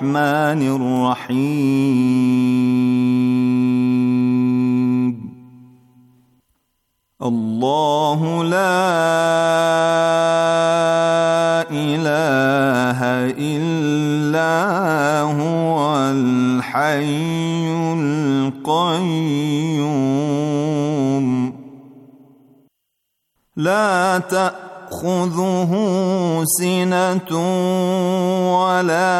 الرحمن الرحيم الله لا اله الا هو الحي القيوم لا تأخذه سنة ولا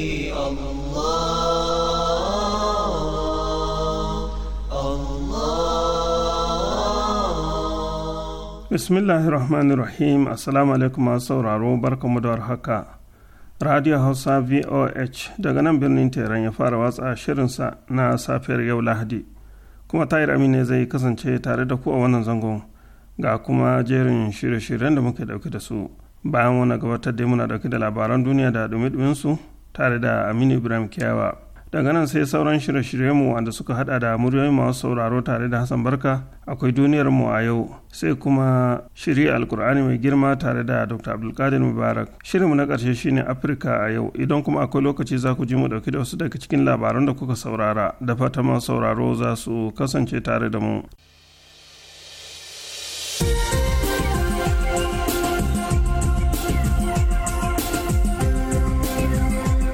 bismillahirrahmanirrahim assalamu alaikum masu sauraro barkamu da haka radio hausa voh daga nan birnin teran ya fara watsa shirinsa na safiyar yau lahadi kuma Tahir tayar ne zai kasance tare da ku a wannan zangon ga kuma jerin shirye-shiryen da muke dauke da su bayan wani gabatar da muna dauke da labaran duniya da dumi su tare da aminu ibrahim kiyawa daga nan sai sauran shirye-shirye mu wanda suka hada da muryoyin masu sauraro tare da hassan barka akwai duniyar mu a yau sai kuma shiri alkur'ani mai girma tare da dr abdulkadir mubarak shirinmu na karshe shine afirka a yau idan kuma akwai lokaci za ku ji mu dauki da wasu daga cikin labaran da kuka saurara da fata masu sauraro za su kasance tare da mu.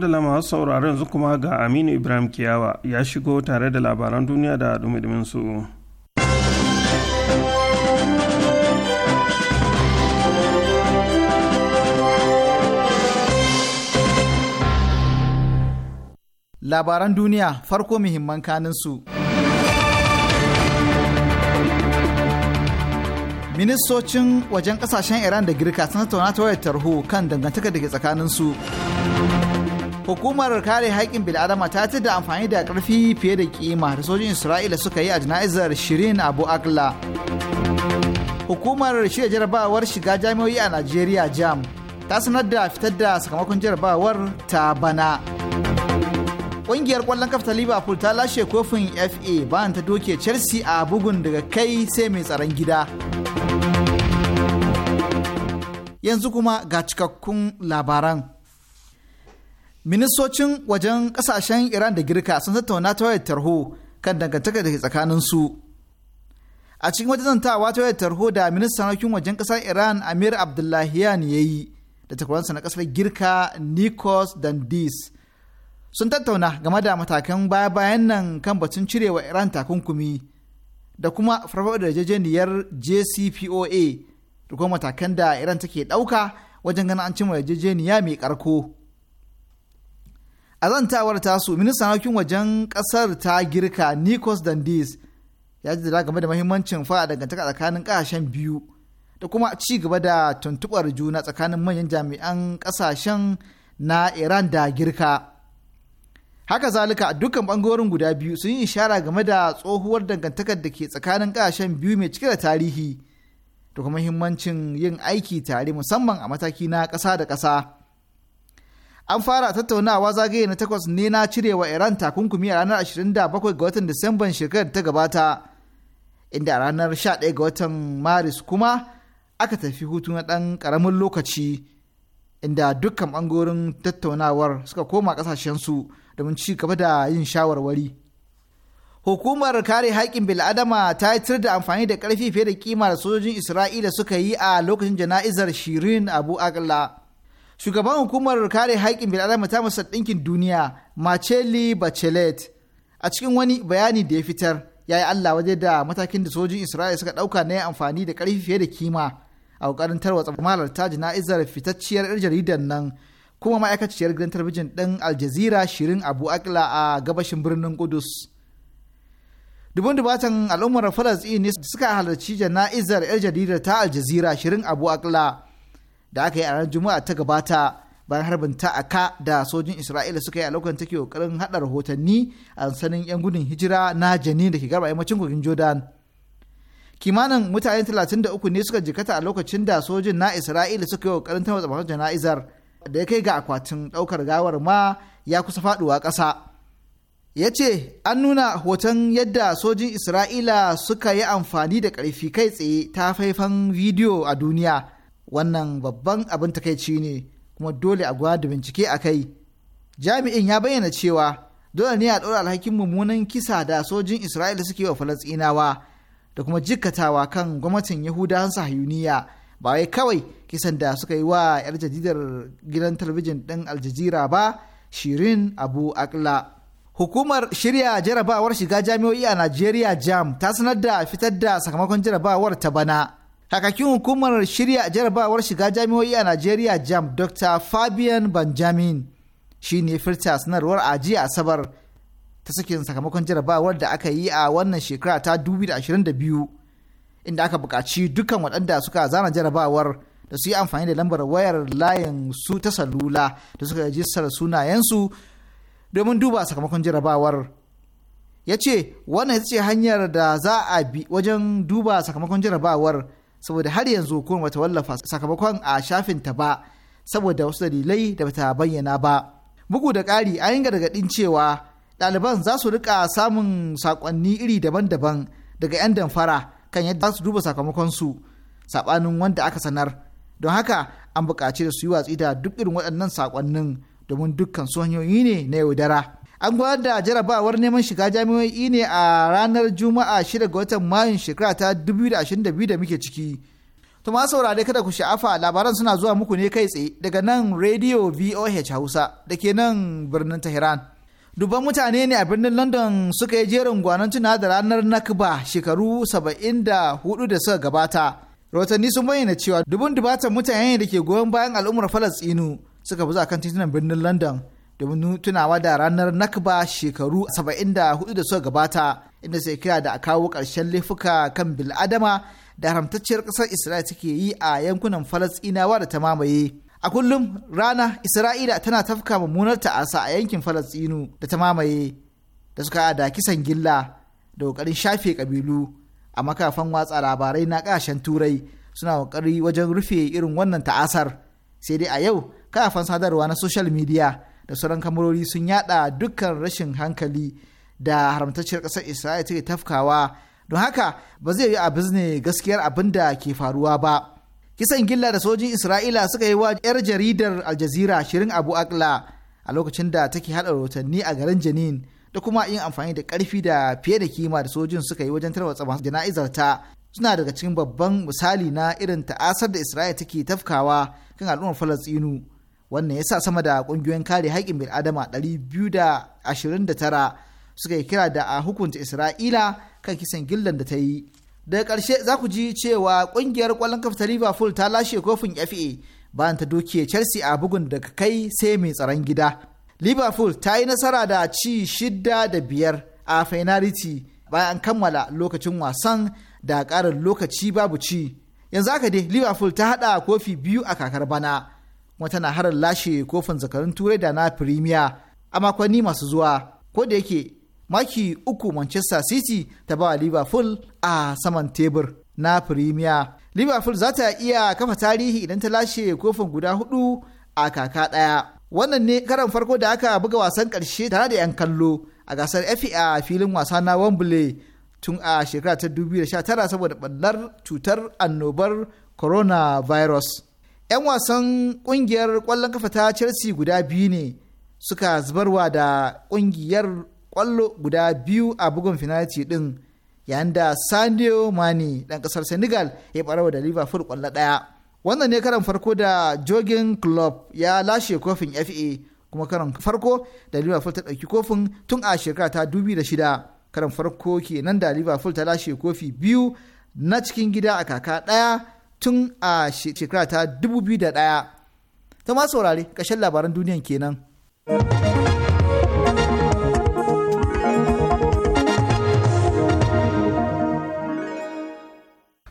madala masu sauraron yanzu kuma ga aminu ibrahim kiyawa ya shigo tare da labaran duniya da dumidumin su labaran duniya farko muhimman kanin su ministocin wajen kasashen iran da girka sun tattauna ta wayar tarho kan dangantaka da ke tsakaninsu hukumar kare haƙƙin bil'adama ta ci da amfani da ƙarfi fiye da kima da sojin isra'ila suka yi a jana'izar shirin abu akla hukumar shirya jarabawar shiga jami'o'i a najeriya jam ta sanar da fitar da sakamakon jarabawar ta bana ƙungiyar ƙwallon kafta ta liverpool ta lashe kofin fa bayan ta doke chelsea a bugun daga kai sai mai tsaron gida yanzu kuma ga cikakkun labaran ministocin wajen kasashen iran da girka sun tattauna ta wayar tarho kan dangantaka da ke tsakanin su a cikin wata zantawa ta wayar tarho da ministan harkokin wajen kasar iran amir abdullahian ya yi da takwaransa na kasar girka nikos dandis sun tattauna game da matakan baya-bayan nan kan batun cirewa iran takunkumi da kuma farfaɗo da jcpoa matakan da iran take ɗauka wajen ganin an cimma yarjejeniya mai karko. a zantawar tasu ministan harkokin wajen kasar ta girka nikos dandis ya ji game da mahimmancin fara dangantaka tsakanin kasashen biyu da kuma ci gaba da tuntubar juna tsakanin manyan jami'an kasashen na iran da girka haka zalika dukkan bangarorin guda biyu sun yi ishara game da tsohuwar dangantakar da ke tsakanin kasashen biyu mai cike da tarihi da kuma mahimmancin yin aiki tare musamman a mataki na kasa da ƙasa. an fara tattaunawa zagaye na takwas ne na cirewa iran takunkumi a ranar 27 ga watan disamban shekarar ta gabata inda a ranar 11 ga watan maris kuma aka tafi hutu na ɗan ƙaramin lokaci inda dukkan ɓangoren tattaunawar suka koma ƙasashensu domin ci gaba da yin shawarwari hukumar kare haƙƙin bil'adama ta yi tir da amfani da ƙarfi fiye da kima da sojojin isra'ila suka yi a lokacin jana'izar shirin abu akalla shugaban hukumar kare haƙƙin bil'adama ta masar ɗinkin duniya Macheli Bachelet a cikin wani bayani da ya fitar ya yi Allah waje da matakin da sojin isra'il suka ɗauka na yin amfani da ƙarfi fiye da kima a ƙoƙarin tarwatsa malarta jana'izar fitacciyar 'yar jaridar nan kuma ma'aikaciyar gidan talabijin ɗin Al Jazeera Shirin Abu Akila a gabashin birnin Kudus. Dubun dubatan al'ummar Falasɗin ne suka halarci jana'izar 'yar jaridar ta Al Jazeera Shirin Abu Akla da aka yi a ranar juma'a ta gabata bayan harbin ta'aka da sojin isra'ila suka yi a lokacin take kokarin hada rahotanni a sanin yan gudun hijira na jani da ke garba yammacin kogin jordan kimanin mutane 33 ne suka jikata a lokacin da sojin na isra'ila suka yi kokarin taimaka tsammanin jana'izar da ya kai ga akwatin daukar gawar ma ya kusa faduwa kasa ya ce an nuna hoton yadda sojin isra'ila suka yi amfani da karfi kai tsaye ta faifan bidiyo a duniya wannan babban abin takaici ne kuma dole a gwada bincike a kai jami'in ya bayyana cewa dole ne a ɗora alhakin mummunan kisa da sojin isra'ila suke wa falastinawa da kuma jikkatawa kan gwamnatin yahudawan hayuniya ba wai kawai kisan da suka yi wa 'yar jadidar gidan talabijin ɗin aljazira ba shirin abu akla hukumar shirya jarabawar shiga jami'o'i a najeriya jam ta sanar da fitar da sakamakon jarabawar ta bana Kakakin hukumar shirya jarabawar shiga jami'o'i a Najeriya jam Dr. Fabian Benjamin shi ne firta sanarwar a jiya Asabar ta sakin sakamakon jarabawar da aka yi a wannan shekara ta 2022 inda aka buƙaci dukkan waɗanda suka zana jarabawar da su yi amfani da lambar wayar layin su ta salula da suka rajistar sunayensu domin duba sakamakon jarabawar ya ce wannan ita ce hanyar da za a bi wajen duba sakamakon jarabawar saboda har yanzu hukumar bata wallafa sakamakon a shafin ta ba saboda wasu dalilai da bata bayyana ba bugu da ƙari an yi gargaɗin cewa ɗaliban za su rika samun sakonni iri daban-daban daga 'yan damfara kan yadda za su duba sakamakonsu saɓanin wanda aka sanar don haka an buƙaci da su yi watsi da duk irin waɗannan sakonnin domin dukkan su hanyoyi ne na yaudara. an gudanar da jarabawar neman shiga jami'o'i ne a ranar juma'a 6 ga watan mayun shekara ta 2022 da muke ciki to ma saurare kada ku sha'afa labaran suna zuwa muku ne kai tsaye daga nan radio voh hausa da ke nan birnin tehran dubban mutane ne a birnin london suka yi jerin gwanon tuna da ranar nakba shekaru 74 da suka gabata rahotanni sun bayyana cewa dubun dubatan mutane da ke goyon bayan al'ummar falastinu suka a kan titunan birnin london domin tunawa da ranar nakba shekaru 74 da suka gabata inda sai kira da a kawo ƙarshen laifuka kan bil'adama da haramtacciyar ƙasar isra'ila take yi a yankunan falasɗinawa da ta mamaye a kullum rana isra'ila tana tafka mummunar ta'asa a yankin falasɗinu da ta mamaye da suka da kisan gilla da ƙoƙarin shafe ƙabilu a makafan watsa labarai na ƙasashen turai suna ƙoƙari wajen rufe irin wannan ta'asar sai dai a yau kafan sadarwa na social media da sauran kamarori sun yada dukkan rashin hankali da haramtacciyar ƙasar isra'ila take tafkawa don haka ba zai yi a bizne gaskiyar abin da ke faruwa ba kisan gilla da sojin isra'ila suka yi wa 'yar jaridar aljazira shirin abu akla a lokacin da take haɗa rahotanni a garin janin da kuma yin amfani da ƙarfi da fiye da kima da sojin suka yi wajen tarwatsa masu jana'izar ta suna daga cikin babban misali na irin ta'asar da isra'ila take tafkawa kan al'ummar falastinu wannan ya sa sama da ƙungiyoyin kare haƙƙin bil'adama 229 suka yi kira da a hukunta isra'ila kan kisan gillan da ta yi daga ƙarshe za ku ji cewa ƙungiyar ƙwallon kafa ta liverpool ta lashe kofin fa bayan ta doke chelsea a bugun da daga kai sai mai tsaron gida liverpool ta yi nasara da ci shidda da biyar a finality bayan kammala lokacin wasan da ƙarin lokaci babu ci yanzu haka dai liverpool ta haɗa kofi biyu a kakar bana kuma tana harin lashe kofin zakarun turai da na firimiya a makonni masu zuwa ko da yake maki uku manchester city ta ba liverpool a saman tebur na firimiya liverpool za ta iya kafa tarihi idan ta lashe kofin guda hudu a kaka daya. wannan ne karan farko da aka buga wasan karshe tare da 'yan kallo a gasar fa a filin wasa na wembley tun a shekara ta 2019 saboda ɓallar cutar annobar coronavirus. 'yan wasan kungiyar kwallon kafa ta chelsea guda biyu ne suka zubarwa da kungiyar kwallo guda biyu a bugun finalti din yayin da sadio mani dan kasar senegal ya barawa da liverpool kwallo daya wannan ne karan farko da jogin club ya lashe kofin fa kuma karan farko da liverpool ta ɗauki kofin tun a shekara ta shida karan farko kenan da liverpool ta lashe kofi biyu na cikin gida a kaka ɗaya tun a shekara ta 2001 ma saurare ƙashin labaran duniyan kenan.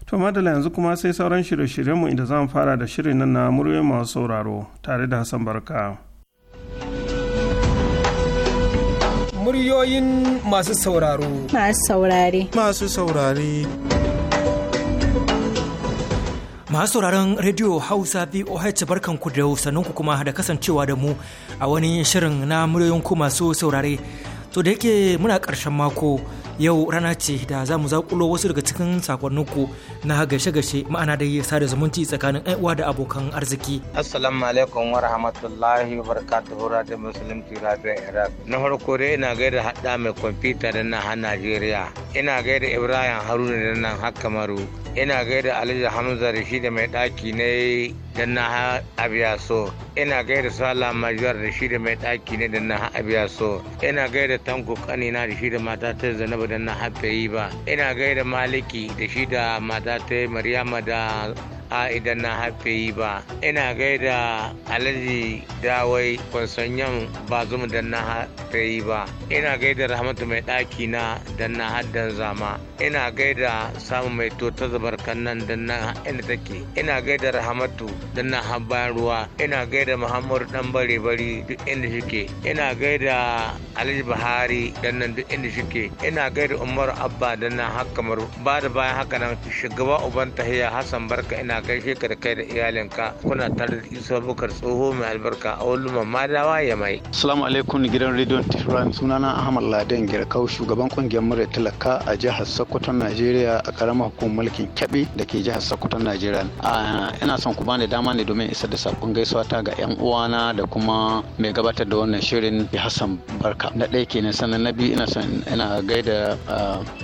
To madala yanzu kuma sai sauran shirye-shiryenmu inda zan fara da shirin nan na muryoyin masu sauraro tare da Hassan Barka. Muryoyin masu sauraro. Masu saurare. Masu saurare. Masu sauraron Radio Hausa VOH barkanku da ku kuma da kasancewa da mu a wani shirin na muryoyin ku masu saurare. To da yake muna ƙarshen mako yau rana ce da za mu zakulo wasu daga cikin sakonninku na gashe-gashe ma'ana da sada zumunci tsakanin uwa da abokan arziki. Assalamu alaikum wa rahmatullahi wa barakatuhu da musulunci radiyon Iraq. Na farko dai ina gaida hada mai kwamfuta da nan har Najeriya. Ina gaida Ibrahim Haruna da nan har Kamaru. Ina gaida Alhaji Hamza da shi da mai ɗaki ne da na Abiyaso. Ina gaida Sala Majuwar da shi da mai ɗaki ne da na Abiyaso. Ina gaida Tanko Kanina da shi da mata ta Zainabu da na haife ba ina gaida maliki da shi da mata ta maryama da a idan na haife yi ba ina gaida alhaji dawai kwansanyan ba zuma don na haife yi ba ina gaida rahmatu mai ɗaki na don na haddan zama ina gaida samu mai to ta zubar kannan don na inda take ina gaida rahmatu don na habban ruwa ina gaida muhammadu dan bare bari duk inda shike ina gaida alhaji buhari don nan duk inda shike ina gaida umaru abba don na haka ba da bayan haka nan shugaba uban tahiya hassan barka ina gaishe ka da kai da iyalinka kuna tare da Isa Bukar tsoho mai albarka a wani mamadawa ya mai. Assalamu alaikum gidan rediyon Tehran sunana Ahmad Laden Girkau shugaban kungiyar mura talaka a jihar Sokoto Najeriya a karamar hukumar mulkin Kebbi da ke jihar Sokoto Najeriya. ina son ku bani dama ne domin isa da sakon gaisuwa ta ga yan uwana da kuma mai gabatar da wannan shirin Hassan Barka. Na ɗaya kenan sannan na biyu ina son ina gaida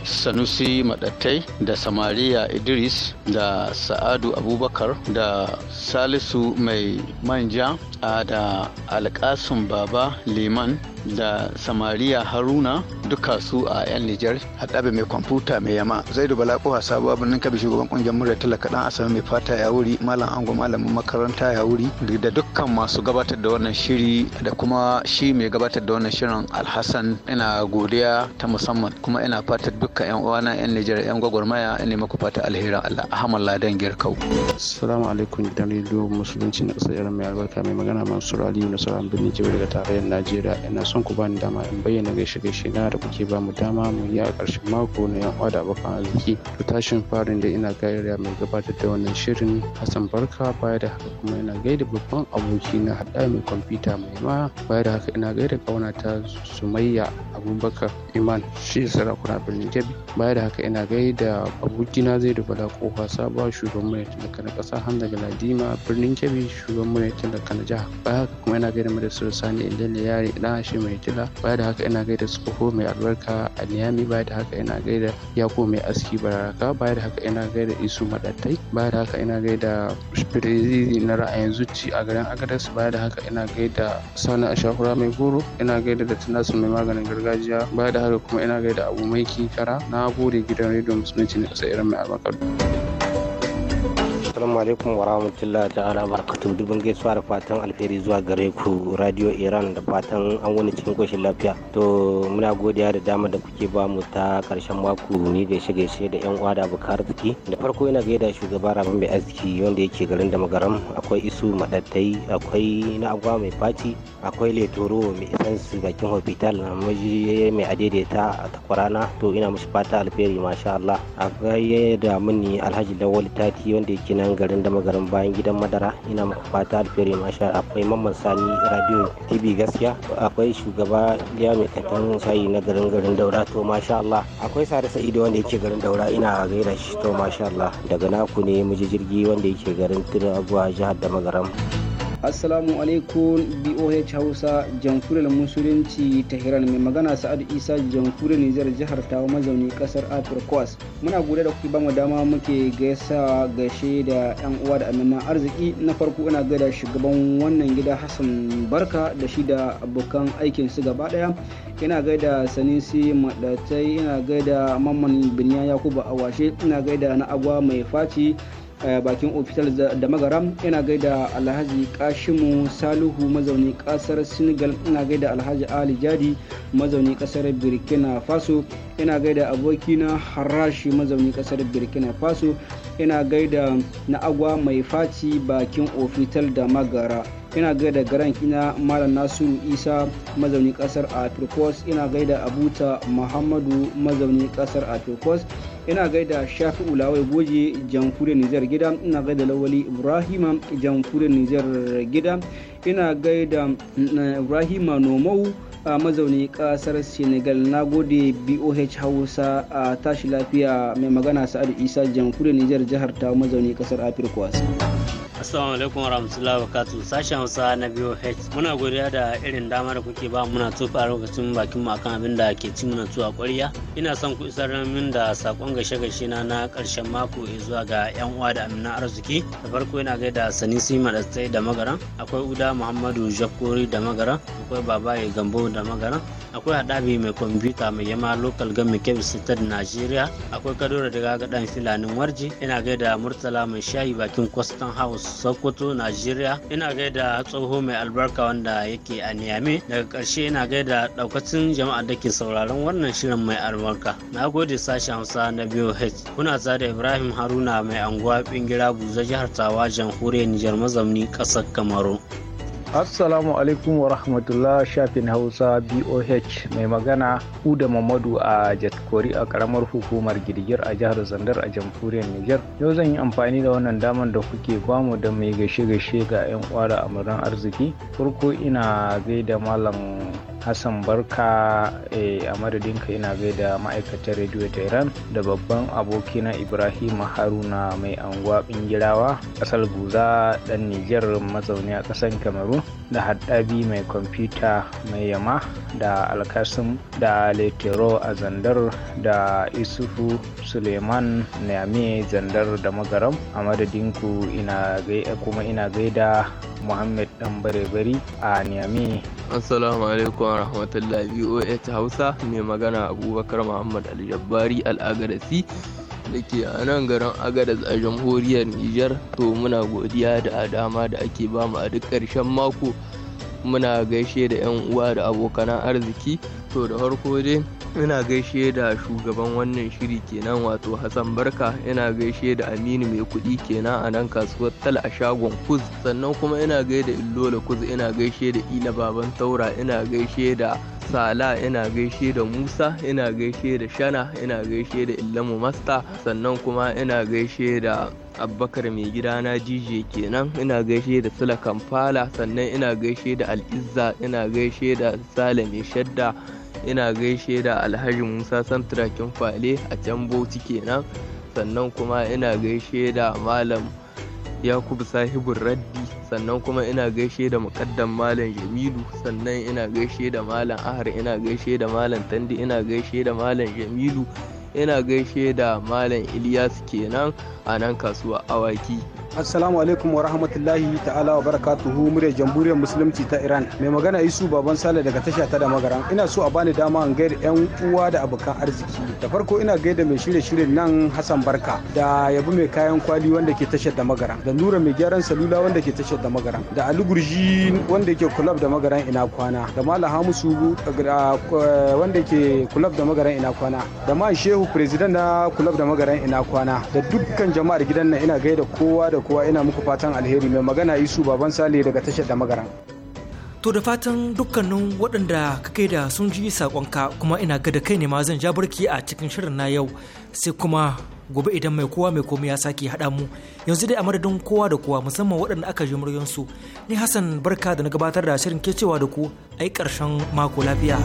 Sanusi Madattai da Samariya Idris da Sa'adu abubakar da salisu mai manja da alkasun baba liman da samariya haruna duka su a yan nijar haɗabe mai kwamfuta mai yama zai bala kowa sabo abin ninka kabi shugaban kungiyar murya talaka dan asami mai fata ya wuri malam ango malamin makaranta ya wuri da dukkan masu gabatar da wannan shiri da kuma shi mai gabatar da wannan shirin alhassan ina godiya ta musamman kuma ina fatar duka yan uwana yan nijar yan gwagwarmaya ina maku fata alherin allah ahmad ladan girkau Salamu alaikum dan rediyo musulunci na ƙasar iran mai albarka mai magana mansur aliyu na sauran birnin jibiru daga tarayyar najeriya ina so son ku bani dama in bayyana gaishe gaishe na da kuke ba mu dama mu yi a ƙarshen mako na yan uwa da abokan arziki to tashin farin da ina gaira mai gabatar da wannan shirin hassan barka baya da haka kuma ina gaida babban aboki na haɗa mai kwamfuta mai ma baya da haka ina gaida ƙauna ta sumayya abubakar iman shi sarakuna birnin kebbi baya da haka ina gaida abokina zai da bala kofa sabuwa shugaban mai talaka na ƙasa hamza galadima birnin kebbi shugaban mai talaka na jiha baya haka kuma ina gaida madasar sani idan da yare ɗan hashim mai dila baya da haka ina gaida tsoho mai albarka a niyami baya da haka ina gaida yako mai aski bararaka baya da haka ina gaida isu madattai baya da haka ina gaida firiziri na ra'ayin zuci a garin agadas baya da haka ina gaida sani ashahura mai goro ina gaida da tunasu mai maganin gargajiya baya da haka kuma ina gaida abu mai kara na gode gidan rediyo musulunci na ƙasa irin mai albarka assalamu alaikum wa rahmatullahi ta'ala barakatuh dubin gaisuwa da fatan alheri zuwa gare ku radio iran da fatan an wani cikin koshin lafiya to muna godiya da dama da kuke ba mu ta karshen mako ni gaishe gaishe da yan uwa da abokan arziki da farko ina gaida shugaba rabin mai arziki wanda yake garin da magaram akwai isu madattai akwai na agwa mai faci akwai letoro mai isan su bakin hospital na maji mai adaidaita a takwarana to ina musu fata alheri masha Allah a yadda mini alhaji lawal tati wanda yake na nan garin da magarin bayan gidan madara ina muku fata alferi mashal akwai mamman sani radio tv gaskiya akwai shugaba liya mai kantan sayi na garin garin daura to masha Allah akwai sare sa'idu wanda yake garin daura ina gaira shi to masha Allah daga naku ne muji jirgi wanda yake garin tirabuwa jihar da magaram. assalamu alaikum boh hausa jamhuriyar musulunci ta hiran mai magana sa'adu isa jamhuriyar nijar jihar tawa mazauni kasar kwas muna gode da kuke bamu dama muke gaisa gaishe da yan uwa da annama arziki na farko ina gaida shugaban wannan gida hassan barka da shi da abokan aikin su gaba daya ina gaida sanisi madatai ina gaida mamman biniya Yakubu awashe ina gaida na agwa mai faci bakin ofital da magara ina gaida alhaji kashimu saluhu mazauni kasar senegal ina gaida alhaji ali jadi mazauni kasar burkina faso ina gaida abokina harashi mazauni kasar burkina faso ina gaida na agwa mai faci bakin ofital da magara ina gaida garan kina malam nasiru isa mazauni kasar afirkos ina gaida abuta muhammadu mazauni kasar afirkos ina gaida shafi lawai goje jamhuriyar nijar gida ina gaida lawali ibrahima jamhuriyar nijar gida ina gaida eh, ibrahima nomau a mazauni kasar senegal na gode boh hausa a tashi lafiya mai magana sa'adu isa jamhuriyar nijar jihar ta mazauni kasar afirka wasu Assalamu alaikum wa rahmatullahi wa katu sashen Hausa na biyo H. Muna godiya da irin dama da kuke ba muna tofa a lokacin bakin mu akan abin da ke ci muna a ƙwarya. Ina son ku isar min da sakon gashe gashe na na ƙarshen mako ya zuwa ga yan uwa da amina arziki. Da farko ina gaida Sanisi ma da Magaran, akwai Uda Muhammadu Jakori da Magaran, akwai Babaye Gambo da Magaran, akwai haɗabi mai kwamfuta mai yama local government kebbi sitar nigeria akwai kadora daga gadan filanin warji ina gaida murtala mai shayi bakin kwastan house sokoto nigeria ina gaida tsoho mai albarka wanda yake a niyame daga ƙarshe ina gaida ɗaukacin jama'a da ke sauraron wannan shirin mai albarka na gode sashen hausa na biyu h kuna da ibrahim haruna mai anguwa bingira buza jihar tawa jamhuriyar nijar mazamni ƙasar kamaru Assalamu alaikum wa rahmatullah shafin Hausa BOH mai magana Uda Mamadu a Jatkori a karamar hukumar girgir a jihar Zandar a jamhuriyar Nijar. Yau zan yi amfani da wannan daman da kuke bamu da mai gaishe-gaishe ga 'yan uwa da amuran arziki. Farko ina gaida malam Hassan Barka eh, a madadinka ina gaida ma'aikatar rediyo Tehran da babban abokina Ibrahim Haruna mai anguwa Bingirawa, ƙasar Guza ɗan Nijar mazauni a ƙasar Kamaru. da haddabi mai kwamfuta mai yama da alkasim da letero a zandar da isufu suleiman name zandar da magaram a madadinku ku kuma ina gaida muhammed dan bare a a an assalamu alaikum rahmatullahi voa hausa mai magana abubakar muhammad aljabari al'agarasi da ke a nan garin agadez a jamhuriyar nijar to muna godiya da dama da ake bamu a duk ƙarshen mako muna gaishe da 'yan uwa da abokanan arziki to da farko dai ina gaishe da shugaban wannan shiri kenan wato hassan barka ina gaishe da aminu mai kudi kenan a nan kasuwar tal a shagon kuz sannan kuma ina gaida illola kuz ina gaishe da ina baban taura ina gaishe da Sala ina gaishe da Musa ina gaishe da Shana ina gaishe da Illamu Masta sannan kuma ina gaishe da abubakar mai gida na jijiye kenan ina gaishe da sula kamfala sannan ina gaishe da al'izza ina gaishe da sale mai shadda ina gaishe da alhaji musa santrakin fale a can bauchi kenan sannan kuma ina gaishe da malam yakubu sahibin raddi sannan kuma ina gaishe da mukaddam malam jamilu sannan ina gaishe da malam ahar ina gaishe da malam tandi ina gaishe da malam jamilu ina gaishe da malam ilyas kenan a nan kasuwa awaki assalamu alaikum wa rahmatullahi ta'ala wa barakatuhu Murya jamhuriyar musulunci ta iran mai magana isu baban sale daga tasha ta da magaran ina so a bani dama in gaida yan uwa da abokan arziki da farko ina gaida mai shirye shirin nan hassan barka da yabi mai kayan kwali wanda ke tashar da magaran da nura mai gyaran salula wanda ke tashar da magaran da ali gurji wanda ke kulab da magaran ina kwana da malam hamisu eh, wanda ke kulab da magaran ina kwana da ma shehu president na kulab da magaran ina kwana da dukkan jama'ar gidan nan ina gaida kowa da kowa ina muku fatan alheri mai magana isu baban sale daga tashar da magaran. To da fatan dukkanin waɗanda kai da sun ji saƙonka kuma ina ga da kai ne ma zan ja barki a cikin shirin na yau sai kuma gobe idan mai kowa mai komai ya sake haɗa mu yanzu dai a madadin kowa da kowa musamman waɗanda aka ji muryansu ni Hassan barka da na gabatar da shirin ke cewa da ku ai ƙarshen mako lafiya.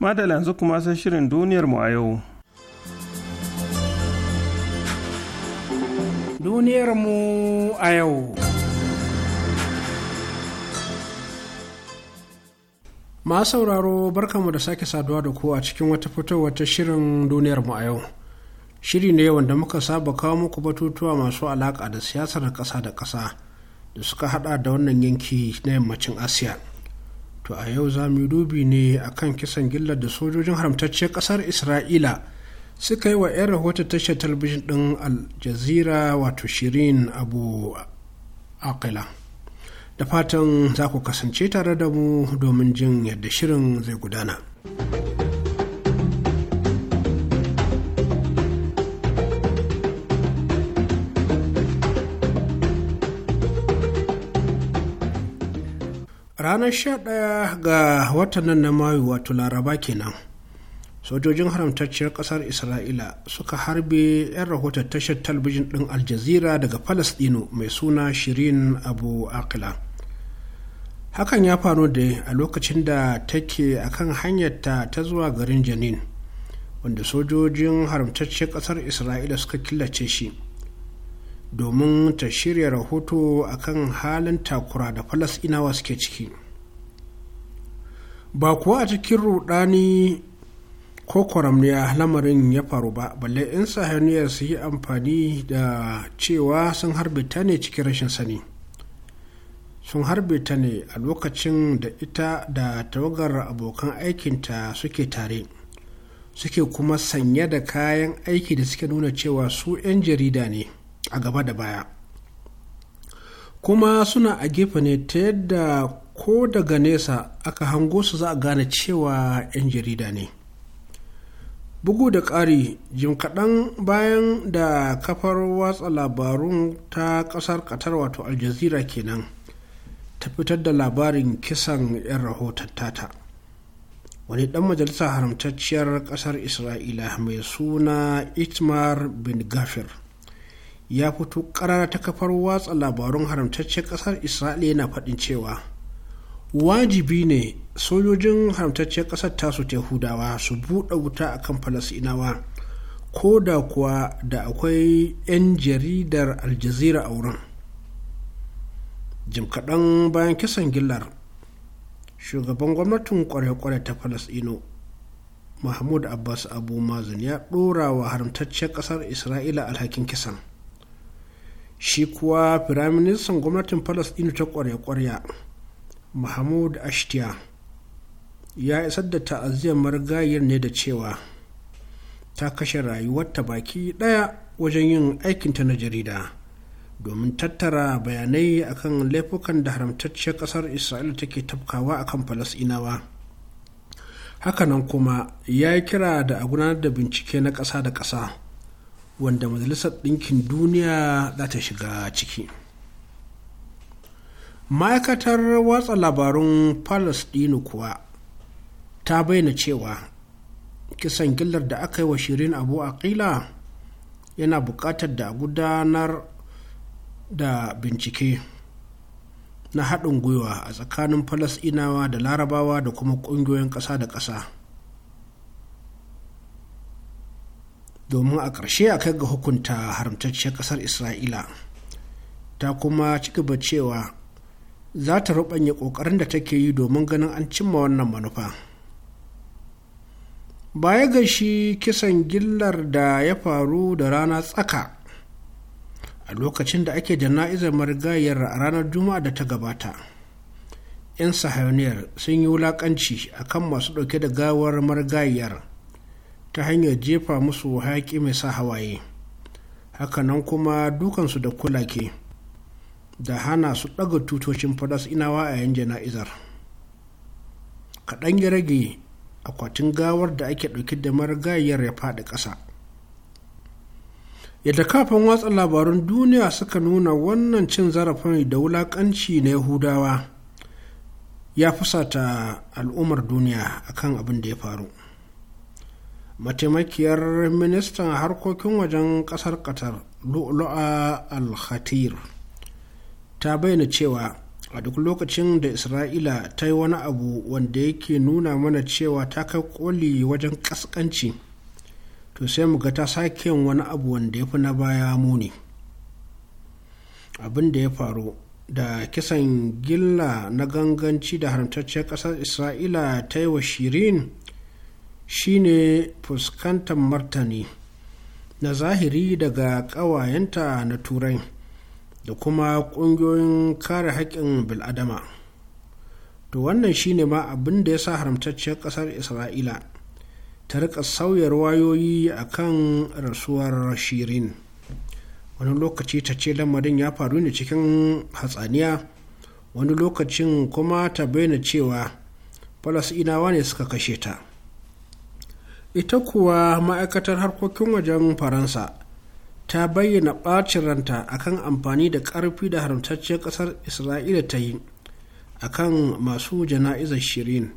madala yanzu kuma sai shirin duniyar mu a yau. duniyarmu a yau. Ma sauraro barkamu da sake saduwa da ku a cikin wata fitowar ta shirin duniyarmu a yau. Shiri ne wanda muka saba kawo muku batutuwa masu alaƙa da siyasar ƙasa da ƙasa da suka haɗa da wannan yanki na yammacin Asiya. To a yau za mu dubi ne akan kisan gillar da sojojin haramtacciyar ƙasar Isra'ila suka yi wa 'yan rahoton tashar talabijin ɗin al wato shirin abu akila da fatan za ku kasance tare da mu domin jin yadda shirin zai gudana ranar 11 ga watan nan na mayu wato laraba kenan sojojin haramtacciyar kasar isra'ila suka harbe 'yan rahoton tashar talbijin ɗin aljazira daga palestino mai suna shirin abu akila hakan ya faru da a lokacin da take akan hanyarta ta zuwa garin janin wanda sojojin haramtacciyar kasar isra'ila suka killace shi domin ta shirya rahoto akan halin takura da falasɗinawa suke ciki ba kuwa a cikin rudani ko kwaramniya lamarin ya faru ba balle in sahaniyar su yi amfani da cewa sun harbe ta ne cikin rashin sani sun harbe ta ne a lokacin da ita da tawagar abokan aikinta suke tare suke kuma sanya da kayan aiki da suke nuna cewa su 'yan jarida ne a gaba da baya kuma suna a gefe ne ta yadda ko daga nesa aka hango su za a gane cewa 'yan jarida ne bugu da ƙari jim kaɗan bayan da kafar watsa labarun ta ƙasar qatar wato aljazira kenan ta fitar da labarin kisan 'yan rahoton tata wani ɗan majalisa haramtacciyar ƙasar isra'ila mai suna itmar bin gafir ya fito ƙarara ta kafar watsa labarun haramtacciyar ƙasar isra'ila yana faɗin cewa wajibi ne sojojin haramtacciyar ƙasar tasu ta hudawa su buɗe wuta a kan falasinawa ko da kuwa da akwai 'yan jaridar aljazira a wurin jim kaɗan bayan kisan gillar shugaban gwamnatin kware-kware ta falasino mahmud abbas abu mazin ya ɗora wa haramtacciyar ƙasar isra'ila alhakin kisan shi kuwa firaministan gwamnatin falasino ta kware-kwarya mahmud ashtiya ya isar da ta'aziyar marigayar ne da cewa ta kashe rayuwarta baki ɗaya wajen yin aikinta na jarida domin tattara bayanai akan laifukan da haramtacciyar ƙasar isra'ila take tafkawa akan falasinawa hakanan kuma ya yi kira da a gudanar da bincike na ƙasa da ƙasa wanda majalisar ɗinkin duniya za ta shiga ciki. ma'aikatar watsa labarun palestino kuwa ta bayyana cewa kisan gillar da aka yi wa shirin abu aƙila yana buƙatar da gudanar da bincike na haɗin gwiwa a tsakanin falasɗinawa da larabawa da kuma ƙungiyoyin ƙasa da ƙasa domin a ƙarshe a kai ga hukunta haramtacciyar ƙasar isra'ila ta kuma cigaba cewa za ta ruɓanya ƙoƙarin da take yi domin ganin an cimma wannan manufa baya ga shi kisan gillar da ya faru da rana tsaka a lokacin da ake jana'izar marigayar a ranar juma'a da ta gabata 'yan sahauniyar sun yi wulaƙanci a kan masu ɗauke da gawar marigayar ta hanyar jefa musu hayaƙi mai sa hawaye hakanan kuma dukansu da kulake. ke da hana su ɗaga tutocin inawa a yan jana'izar kaɗan ya rage akwatin gawar da ake ɗauki da marigayiyar ya faɗi ƙasa yadda kafin watsa labarun duniya suka nuna wannan cin zarafin da wulaƙanci na yahudawa ya fusata al'ummar duniya akan abin da ya faru mataimakiyar ministan harkokin wajen ƙasar qatar lu'lu'a al-khatir ta bayyana cewa a duk lokacin da isra'ila ta yi wani abu wanda yake nuna mana cewa ta kai koli wajen kaskanci to sai mu ga ta sake wani abu wanda ya fi na baya muni abin da ya faru da kisan gilla na ganganci da haramtacciyar ƙasar isra'ila ta yi wa shirin shine fuskantar martani na zahiri daga ƙawayenta na turai da kuma ƙungiyoyin kare haƙƙin bil'adama to wannan shine ma abin da ya sa haramtacciyar ƙasar isra'ila ta rika sauya wayoyi a kan rasuwar shirin wani lokaci ta ce lamarin ya faru ne cikin hatsaniya wani lokacin kuma ta bayyana cewa falasinawa ne suka kashe ta ita kuwa ma'aikatar harkokin wajen faransa ta bayyana ɓacin ranta akan amfani da ƙarfi da haramtacciyar ƙasar isra'ila ta yi a kan masu jana'izar shirin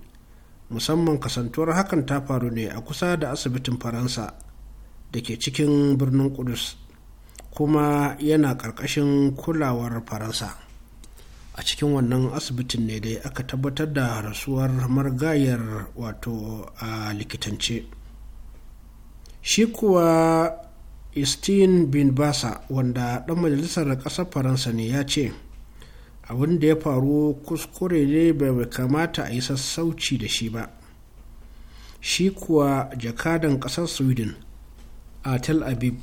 musamman kasantuwar hakan ta faru ne a kusa da asibitin faransa da ke cikin birnin kudus kuma yana ƙarƙashin kulawar faransa a cikin wannan asibitin ne dai aka tabbatar da rasuwar margayar wato a likitance shi kuwa Christine bin Basa wanda ɗan majalisar ƙasar Faransa ne ya ce abin da ya faru kuskure ne bai kamata a yi sassauci da shi ba. Shi kuwa jakadan ƙasar Sweden a Tel Aviv,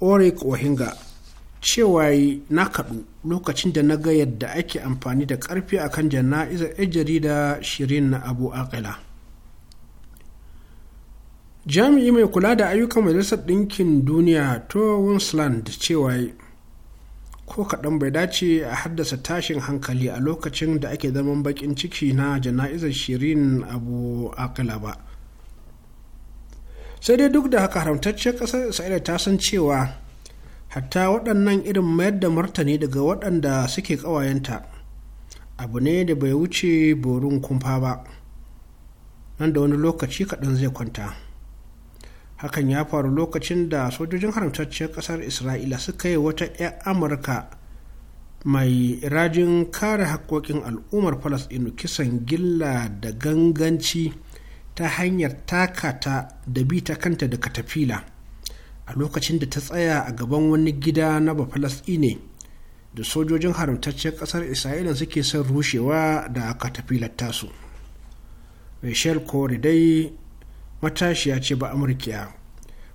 Orik Wahinga, cewa na kaɗu lokacin da na ga yadda ake amfani da ƙarfi akan jana'izar 'yan jarida Shirin na Abu Aqila. jami'i mai kula da ayyukan majalisar ɗinkin duniya to winsland cewa ko kaɗan bai dace a haddasa tashin hankali a lokacin da ake zaman baƙin ciki na jana'izar shirin abu akila ba sai dai duk da haka haramtaccen ƙasar isra'ila ta san cewa hatta waɗannan irin mayar da martani daga waɗanda suke ƙawayenta abu ne da bai wuce borin kumfa ba nan da wani lokaci kaɗan zai kwanta. hakan ya faru lokacin da sojojin haramtacciyar kasar isra'ila suka yi wata 'yan amurka mai rajin kare haƙoƙin al'ummar falasɗinu kisan gilla da ganganci ta hanyar takata da bi ta kanta da katafila a lokacin da ta tsaya a gaban wani gida na ne da sojojin haramtacciyar ƙasar isra'ila suke son rushewa da katafilar tasu rachel kore dai matashiya ce ba amurkiya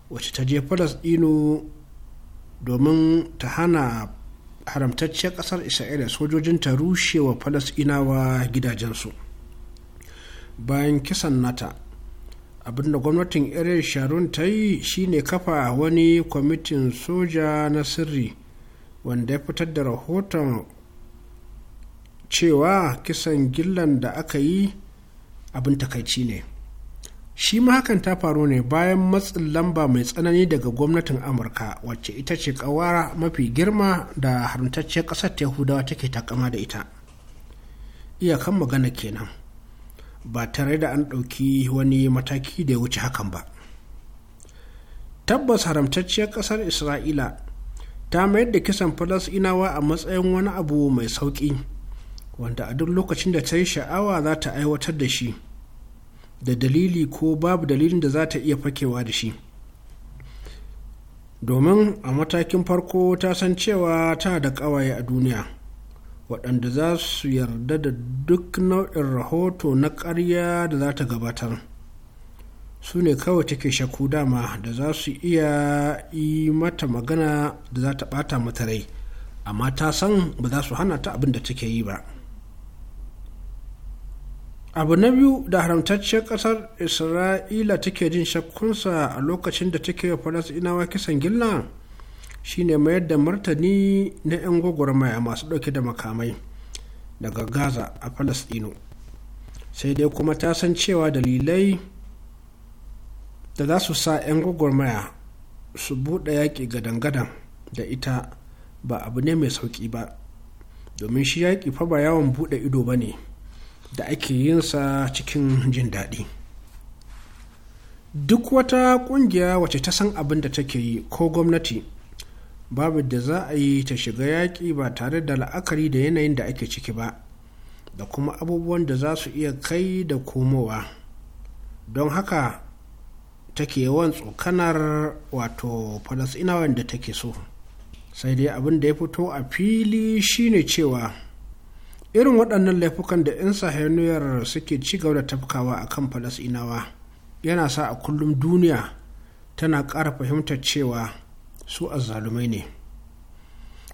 wacce ta je falasɗinu domin ta hana haramtacciyar ƙasar isra'ila sojojin ta rushe rushewa falasɗinawa gidajensu bayan kisan nata abinda gwamnatin irin sharon ta yi shine kafa wani kwamitin soja na sirri wanda ya fitar da rahoton cewa kisan gillan da aka yi abin takaici ne shi ma hakan ta faru ne bayan matsin lamba mai tsanani daga gwamnatin amurka wacce ita ce kawara mafi girma da haramtacciyar ƙasar ta yahudawa take takama da ita iyakan magana kenan ba tare da an ɗauki wani mataki da ya wuce hakan ba tabbas haramtacciyar ƙasar isra'ila ta mayar da kisan falasinawa a matsayin wani abu mai sauƙi wanda a duk lokacin da ta yi sha'awa za ta aiwatar da shi da dalili ko babu dalilin da za ta iya fakewa da shi domin a matakin farko ta san cewa ta da ƙawaye a duniya waɗanda za su yarda da duk nau'in rahoto na ƙarya da za ta gabatar su ne kawai take shaku dama da za su iya yi mata magana da za ta ɓata mata rai amma ta san ba za su hana ta abin da take yi ba abu na biyu da haramtacciyar kasar isra'ila take jin shakkunsa a lokacin da take inawa kisan gilla shine mayar da martani na 'yan gwagwarmaya masu dauke da makamai daga gaza a falasɗinu sai dai kuma ta san cewa dalilai da za su sa 'yan gwagwarmaya su buɗe yaƙi gadan da ita ba abu ne mai sauƙi ba domin shi yaƙi fa ba yawon buɗe ido ba ne da ake yin sa cikin jin daɗi duk wata ƙungiya wacce ta san abin da take yi ko gwamnati babu da za a yi ta shiga yaƙi ba tare da la'akari da yanayin da ake ciki ba da kuma abubuwan da za su iya kai da komowa don haka take yawan tsokanar wato falasinawa da take so sai dai abin da ya fito a fili shine cewa irin waɗannan laifukan da 'yan sahaniyar suke ci gaba da tafkawa a kan falasinawa yana sa a kullum duniya tana ƙara fahimtar cewa su azzalumai ne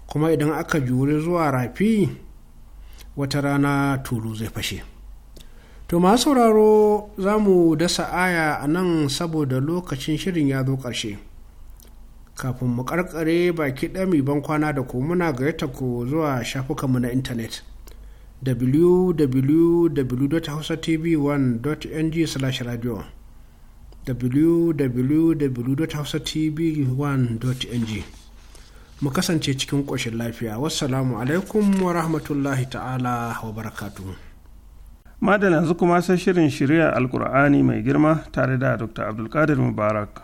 kuma idan aka jure zuwa rafi wata rana tulu zai fashe to masu sauraro za mu dasa aya a nan saboda lokacin shirin ya zo ƙarshe kafin mu karkare baki ɗami ban kwana da ku muna gayyata ku zuwa shafukanmu na intanet www.hausatv1.ng/radio www.hausatv1.ng mu kasance cikin ƙoshin lafiya wassalamu alaikum wa rahmatullahi ta'ala wa barakatuhu madalla yanzu kuma sai shirin shirya alkur'ani mai girma tare da dr abdulkadir mubarak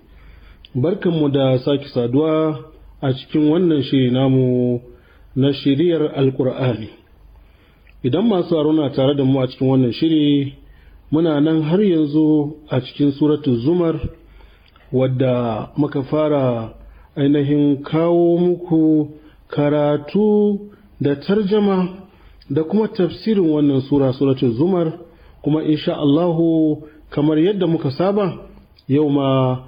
Barkanmu da sake saduwa a cikin wannan shiri namu na shiriyar Alƙur'ani. Idan masu na tare da mu a cikin wannan shiri, muna nan har yanzu a cikin suratun Zumar wadda muka fara ainihin kawo muku karatu da tarjama da kuma tafsirin wannan sura suratun Zumar kuma insha Allahu kamar yadda muka saba yau ma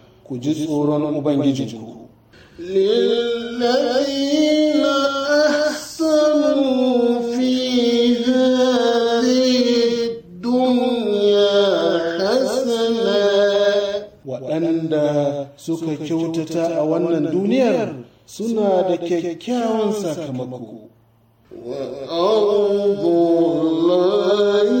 ku ji tsoron ubangijinku للذين أحسنوا في هذه الدنيا حسنة وأن سكا كوتتا أولا دنيا وأرض الله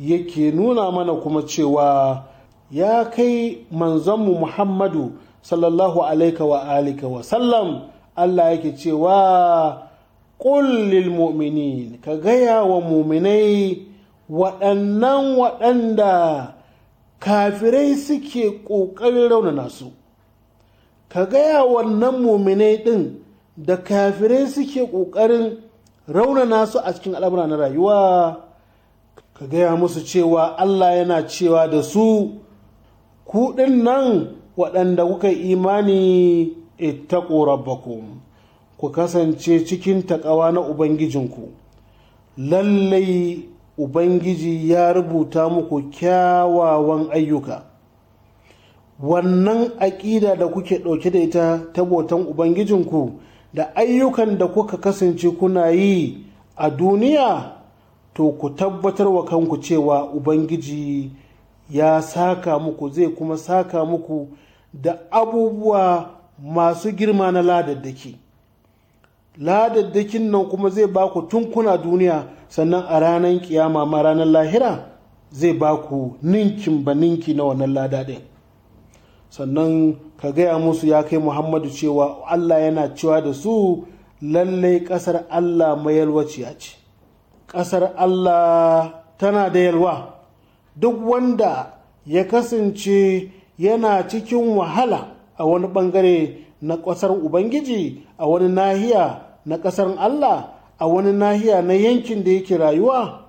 yake nuna mana kuma cewa ya kai manzonmu muhammadu sallallahu alaika wa alika wa sallam allah yake cewa ƙullil mu'minin ka gaya wa muminai waɗannan waɗanda kafirai suke ƙoƙarin raunana su ka gaya wannan muminai ɗin da kafirai suke ƙoƙarin raunana su a cikin al'amura na rayuwa ka gaya musu cewa Allah yana cewa da su ku nan waɗanda kuka imani ittaqu rabbakum ku kasance cikin taƙawa na ubangijinku lallai ubangiji ya rubuta muku kyawawan ayyuka wannan aƙida da kuke ɗauke da ita ta botan ubangijinku da ayyukan da kuka kasance kuna yi a duniya to ku tabbatar wa kanku cewa ubangiji ya saka muku zai kuma saka muku da abubuwa masu girma na ladaddaki ladaddakin nan kuma zai ba ku tunkuna duniya sannan a ranar kiyama ma ranar lahira zai ba ku ninkin ba ninki na wannan lada ɗin sannan ka gaya musu ya kai muhammadu cewa allah yana cewa da su lallai ƙasar allah mayalwaciya ce ƙasar Allah tana da yalwa duk wanda ya kasance yana cikin wahala a wani ɓangare na ƙasar Ubangiji a wani nahiya na ƙasar Allah a wani nahiya na yankin da yake rayuwa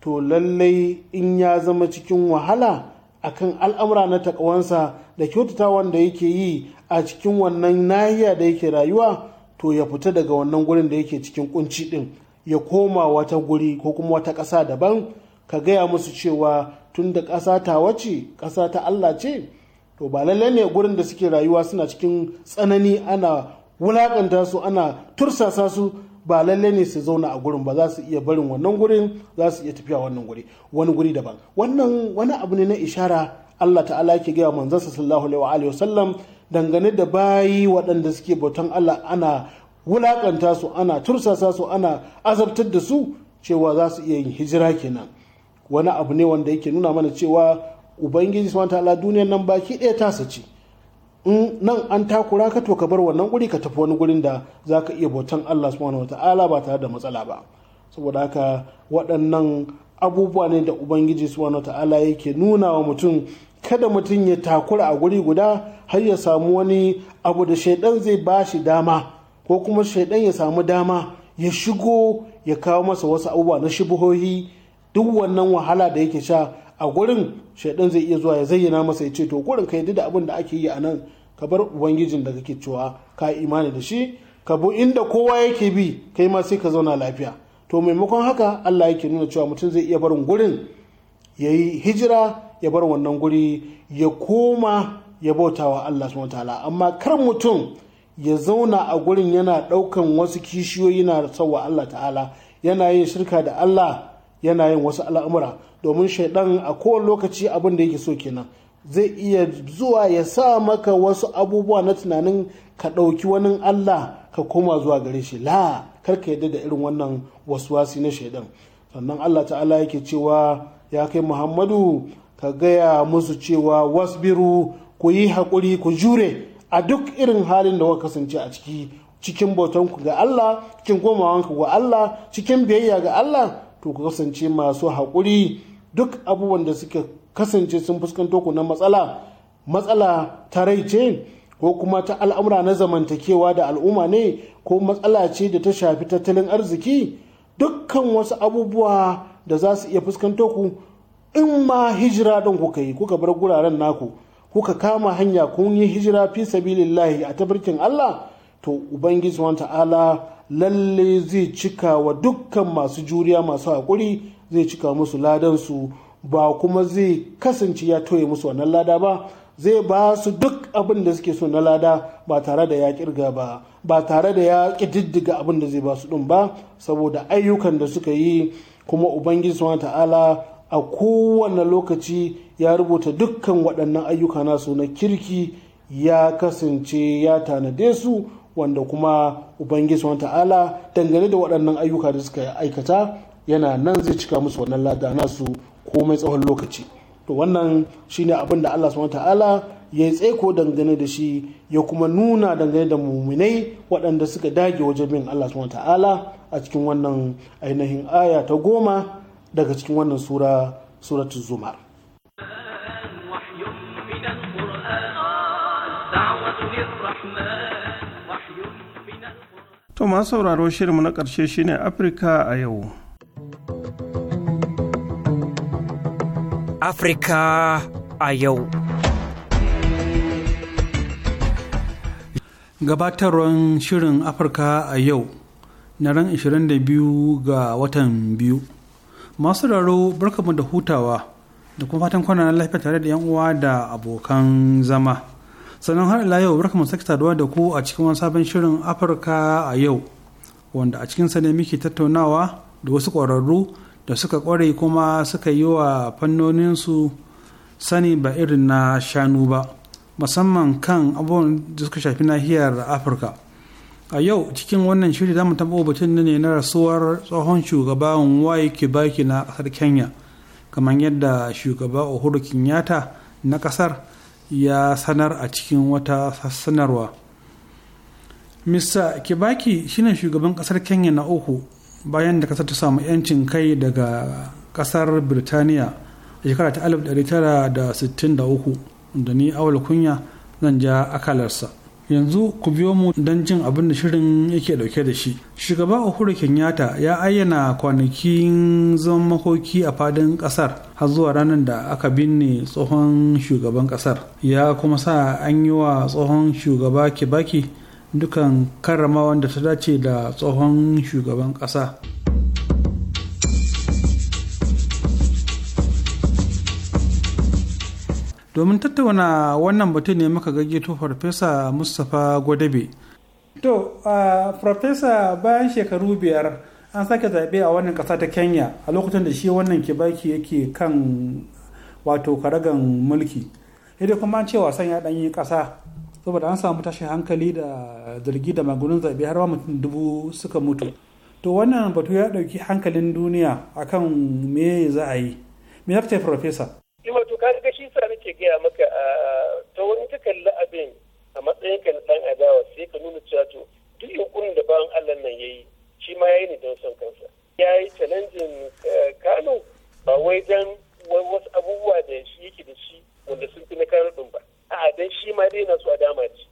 to lallai in ya zama cikin wahala a kan al'amura na takawansa da kyautata wanda yake yi a cikin wannan nahiya da yake rayuwa to ya fita daga wannan gurin da yake cikin kunci ɗin ya koma wata guri ko kuma wata ƙasa daban ka gaya musu cewa tun da ƙasa ta wace ƙasa ta Allah ce to ba lallai ne gurin da suke rayuwa suna cikin tsanani ana wulakanta su ana tursasa su ba lallai ne su zauna a gurin ba za su iya barin wannan gurin za su iya tafiya wannan guri wani guri daban wannan wani abu ne na ishara Allah ta'ala yake gaya manzansa sallallahu alaihi wa sallam dangane da bayi waɗanda suke bautan Allah ana wulakanta su ana tursasa su ana azabtar da su cewa za su iya yin hijira kenan wani abu ne wanda yake nuna mana cewa ubangiji subhanahu ta'ala duniyar nan baki ɗaya tasa ce in nan an takura ka to ka bar wannan guri ka tafi wani gurin da za ka iya bautan Allah subhanahu ta'ala ba tare da matsala ba saboda haka waɗannan abubuwa ne da ubangiji subhanahu ta'ala yake nuna wa mutum kada mutum ya takura a guri guda har ya samu wani abu da shaidan zai ba shi dama ko kuma shaidan ya samu dama ya shigo ya kawo masa wasu abubuwa na shubuhohi duk wannan wahala da yake sha a gurin shaidan zai iya zuwa ya zayyana masa ya ce to gurin ka yadda da abin da ake yi a nan ka bar ubangijin da kake cewa ka imani da shi ka bu inda kowa yake bi kai ma sai ka zauna lafiya to maimakon haka Allah yake nuna cewa mutum zai iya barin gurin ya yi hijira ya bar wannan guri ya koma ya bautawa Allah subhanahu wataala amma kar mutum ya zauna a gurin yana ɗaukan wasu kishiyoyi na sauwa Allah ta'ala yana yin shirka da Allah yana yin wasu al'amura domin shaidan a kowane lokaci abin da yake so kenan zai iya zuwa ya sa maka wasu abubuwa na tunanin ka ɗauki wani Allah ka koma zuwa gare shi la karka yadda da irin wannan wasi na shaidan sannan Allah ta'ala yake cewa ya kai Muhammadu ka gaya musu cewa wasbiru ku yi haƙuri ku jure a duk irin halin da kuka kasance a ciki cikin bautanku ga Allah cikin ku ga Allah cikin biyayya ga Allah to ku kasance masu haƙuri duk abubuwan da suka kasance sun fuskanto ku na matsala matsala ta rai ce ko kuma ta al'amura na zamantakewa da al'umma ne ko matsala ce da ta shafi tattalin arziki dukkan wasu abubuwa da za su iya fuskanto ku in ma hijira don kuka yi kuka bar guraren naku kuka kama hanya kun yi hijira fi sabilillahi a tabarkin Allah to ubangiji wa ta'ala lalle zai cika wa dukkan masu juriya masu haƙuri zai cika musu ladansu ba kuma zai kasance ya toye musu wannan lada ba zai ba su duk abin da suke so na lada ba tare da ya kirga ba ba tare da ya ƙididdiga abin da zai ba su ɗin ba saboda ayyukan da suka yi kuma ubangiji wa ta'ala a kowane lokaci ya rubuta dukkan waɗannan ayyuka nasu na kirki ya kasance ya tanade su wanda kuma ubangiji wa ta'ala dangane da waɗannan ayyuka da suka aikata yana nan zai cika musu wannan lada nasu komai tsawon lokaci to wannan shine abin da Allah subhanahu ta'ala ya yi tseko dangane da shi ya kuma nuna dangane da muminai waɗanda suka dage wajen bin Allah subhanahu ta'ala a cikin wannan ainihin aya ta goma daga cikin wannan sura suratul zumar To masu sauraro shirinmu na ƙarshe shine Afirka a yau. Afirka a yau. Gabatarwar shirin Afirka a yau na ran 22 ga watan biyu. Masu raro barkamu da hutawa da kuma fatan kwana lafiya tare da 'yan uwa da abokan zama. sannan har ila yau barkamu sake saduwa da ku a cikin wani sabon shirin afirka a yau wanda a cikinsa ne muke tattaunawa da wasu ƙwararru da suka ƙware kuma suka yi wa fannoninsu sani ba irin na shanu ba musamman kan abubuwan da suka shafi nahiyar afirka a yau cikin wannan shiri za mu taɓa batun ne na rasuwar tsohon shugaban waye kibaki na ƙasar kenya kamar yadda shugaba uhuru kenyatta na ƙasar ya sanar a cikin wata sanarwa mr kibaki shine shugaban kasar kenya na uku bayan da kasar ta samu 'yancin kai daga kasar birtaniya a shekara ta 1963 da ni awal kunya zan ja akalarsa yanzu ku biyo mu don jin abin da shirin yake dauke da shi shugaba uhuru kenyatta ya ayyana kwanakin zaman makoki a fadin kasar har zuwa ranar da aka binne tsohon shugaban kasar ya kuma sa an yi wa tsohon shugaba kibaki dukan karrama wanda ta dace da tsohon shugaban kasa. domin tattauna wannan batu ne muka to farfesa mustapha gwadabe to farfesa bayan shekaru biyar an sake zaɓe a wannan ƙasa ta kenya a lokacin da shi wannan kibaki yake kan wato karagan mulki idan kuma an ce wasan ya ɗanyi ƙasa saboda an samu tashin hankali da zargi da magunin zaɓe har mutum dubu suka mutu to wannan batu ya ɗauki hankalin duniya akan me za a yi me ya fita farfesa kawo wani ka kalli abin a matsayin ka na adawa sai ka nuna cewa to duk yunkurin da bayan Allah nan yayi shi ma yayi ne don son kansa ya yi challenging eh, Kano ba wai dan wasu abubuwa da shi yake da shi wanda sun fi na Kano din ba a'a dan shi ma dai yana so a dama ci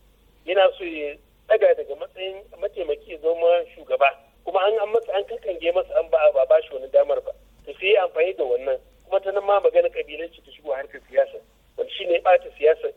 yana so ya daga daga matsayin mataimaki ya zama shugaba kuma an masa an kankange masa an ba ba ba shi wani damar ba to sai ya amfani da wannan kuma ta nan ma magana kabilanci ta shigo harkar siyasa wanda shi ne ɓata siyasa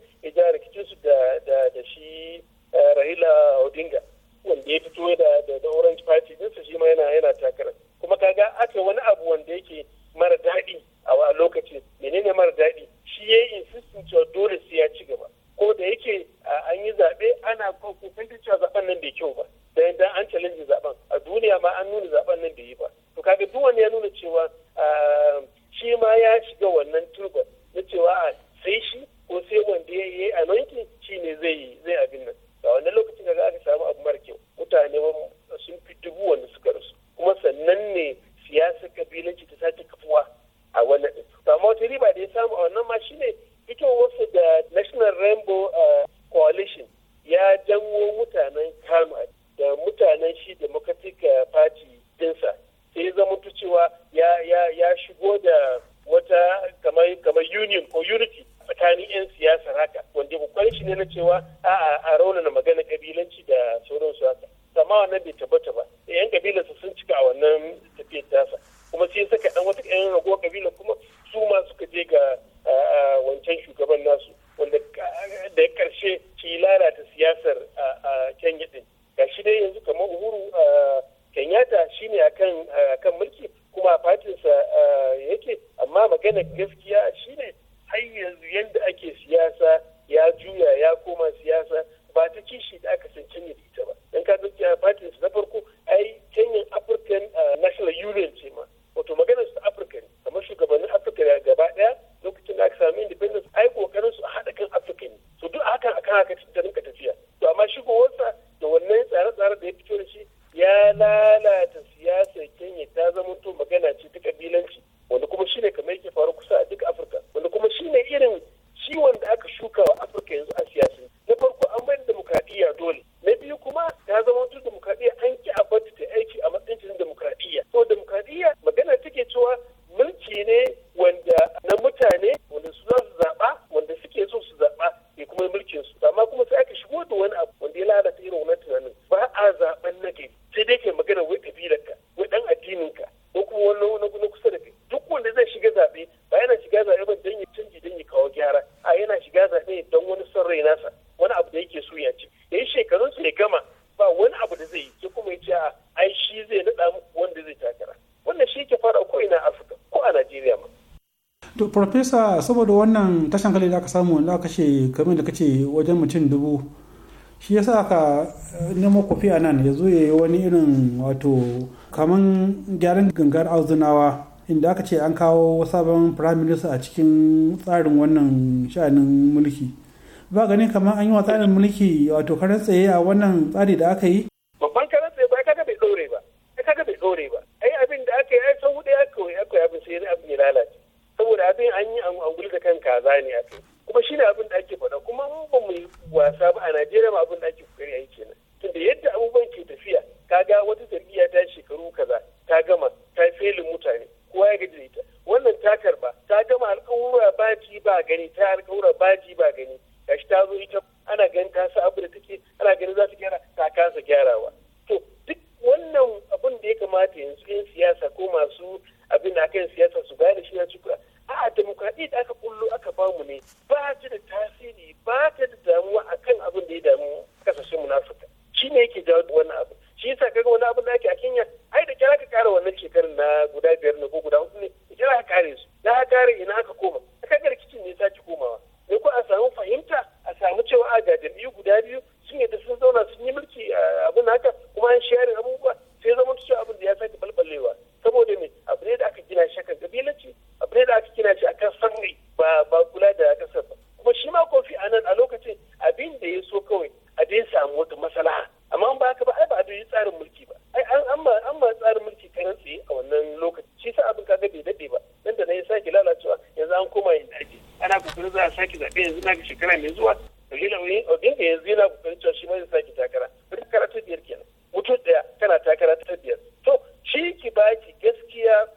ta rinka tafiya to amma shigowarsa da wannan tsare-tsare da ya fito da shi ya lalata farfesa saboda wannan tashan kalli da aka samu da aka kashe kamar da kace wajen mutum dubu shi ya sa aka eh, nemo kofi a nan ya zo ya yi wani irin wato kamar gyaran gangar arzunawa inda aka ce an kawo sabon prime minister a cikin tsarin wannan sha'anin mulki ba gani kamar an yi wa tsarin mulki wato karar tsaye a wannan tsari da aka yi abin da kan siyasa su bayar da shi na cikin a demokradiyyar da aka kullo aka bamu ne ba ta da tasiri ba ta da damuwa akan abin da ya damu kasashen mu na afirka shi ne yake jawo wannan abu shi yasa kaga wani abin da ake a kenya ai da kira ka kara wannan shekarun na guda biyar ne ko guda hudu ne da kira ka kare su na ka kare ina aka koma a kaga rikicin ne sake komawa ne ko a samu fahimta a samu cewa a ga jam'iyyu guda biyu sun yadda sun zauna sun yi mulki abin haka kuma an sharing abubuwa sai zama cewa abin da ya sake balbalewa saboda me abu ne da aka gina shi akan kabilanci abu ne da aka gina shi akan san ba ba kula da kasar ba kuma shi ma kofi a nan a lokacin abin da ya so kawai a dai samu wata masala amma an ba haka ba ai ba a bi tsarin mulki ba ai an ma an ma tsarin mulki karan tsaye a wannan lokacin shi sa abin kaga bai dade ba nan da na ya sake lalacewa yanzu an koma yin daji ana kokarin za a sake zaɓe yanzu na ga shekara mai zuwa dalilin yanzu yana kokarin cewa shi ma zai sake takara duk karatu biyar kenan mutum da tana takara ta biyar to shi ki baki gaskiya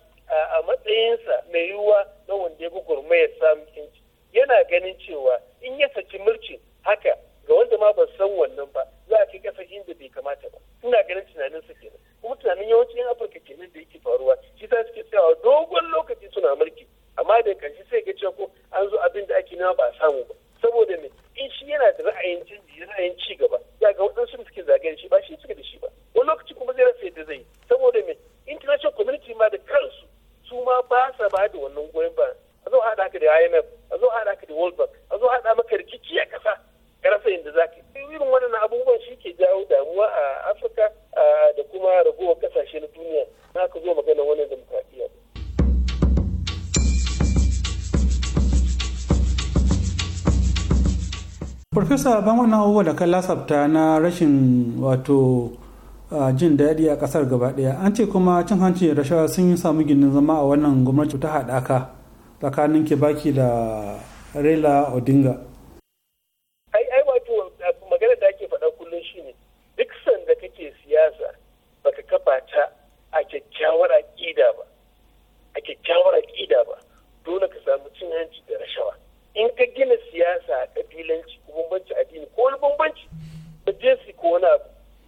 a matsayinsa mai yiwuwa na wanda ya gurmayar samun inci yana ganin cewa in ya saki mulki haka ga wanda ma ban san wannan ba za a kai kasa inda bai kamata ba ina ganin tunanin su kenan kuma tunanin yawancin yan afirka kenan da yake faruwa shi ta suke tsayawa dogon lokaci suna mulki amma da karshe sai ga cewa ko an zo abin da ake nema ba a samu ba saboda me in shi yana da ra'ayin canji ra'ayin ci gaba ya ga waɗansu suke zagaye shi ba shi suke da shi ba wani lokaci kuma zai rasa yadda zai saboda me international community ma da kansu su ma ba sa ba da wannan goyon ba a zo haɗa ka da IMF a zo haɗa ka da World Bank a zo haɗa maka rikici a ƙasa ka rasa yadda za ka yi. irin waɗannan abubuwan shi ke jawo damuwa a Afirka da kuma ragowar ƙasashe na duniya na ka zo magana wannan demokradiyya farfesa ban wannan abubuwa da kan lasafta na rashin wato jin daɗi a ƙasar gaba ɗaya an ce kuma cin hanci da rashawa sun yi samu ginin zama a wannan gwamnati ta haɗaka tsakanin baki da rela odinga ai ai wato maganar da ake faɗa kullum shine duk sanda kake siyasa baka kafa ta a kyakkyawar aƙida ba a kyakkyawar aƙida ba dole ka samu cin hanci da rashawa in ka gina siyasa a ƙabilanci bambanci addini ko wani bambanci da jinsi ko wani abu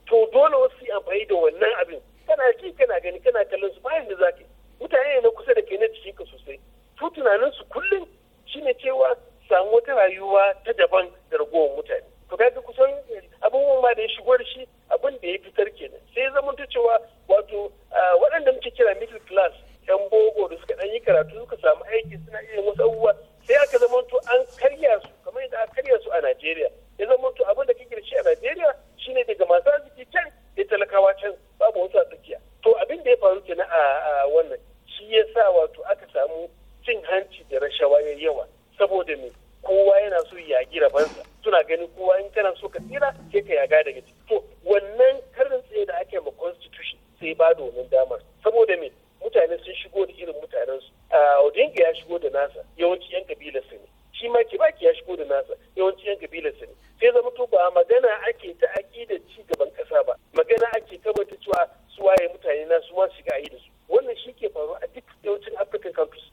to dole wasu yi amfani da wannan abin kana ji kana gani kana kallon su bayan da zaki mutane na kusa da ke na cikin ka sosai su tunanin su kullum shine cewa samu wata rayuwa ta daban da ragowar mutane to kaga kusan abubuwan ma da ya shigo da shi abin da ya fitar kenan sai ya zama cewa wato waɗanda muke kira middle class yan bogo da suka ɗan yi karatu suka samu aiki suna iya wasu abubuwa sai aka zama to an karya su kamar yadda aka karya su a Najeriya ya zama to abin da kake shi a Najeriya shine daga masu arziki can da talakawa can babu wasu a tsakiya to abin da ya faru kenan a wannan shi ya sa wato aka samu cin hanci da rashawa ya yawa saboda me kowa yana so ya gira bansa suna ganin kowa in kana so ka tsira sai ka yaga daga ciki to wannan karin tsaye da ake ma constitution sai ba domin damar saboda me mutane sun shigo da irin mutanensu a odinga ya shigo da nasa yawanci yan su ne shi ma kibaki ya shigo da nasa yawanci yan su ne sai zama to ba magana ake ta aƙidar ci gaban ƙasa ba magana ake tabbata cewa su waye mutane na su ma shiga a da su wannan shi ke faru a duk yawancin african countries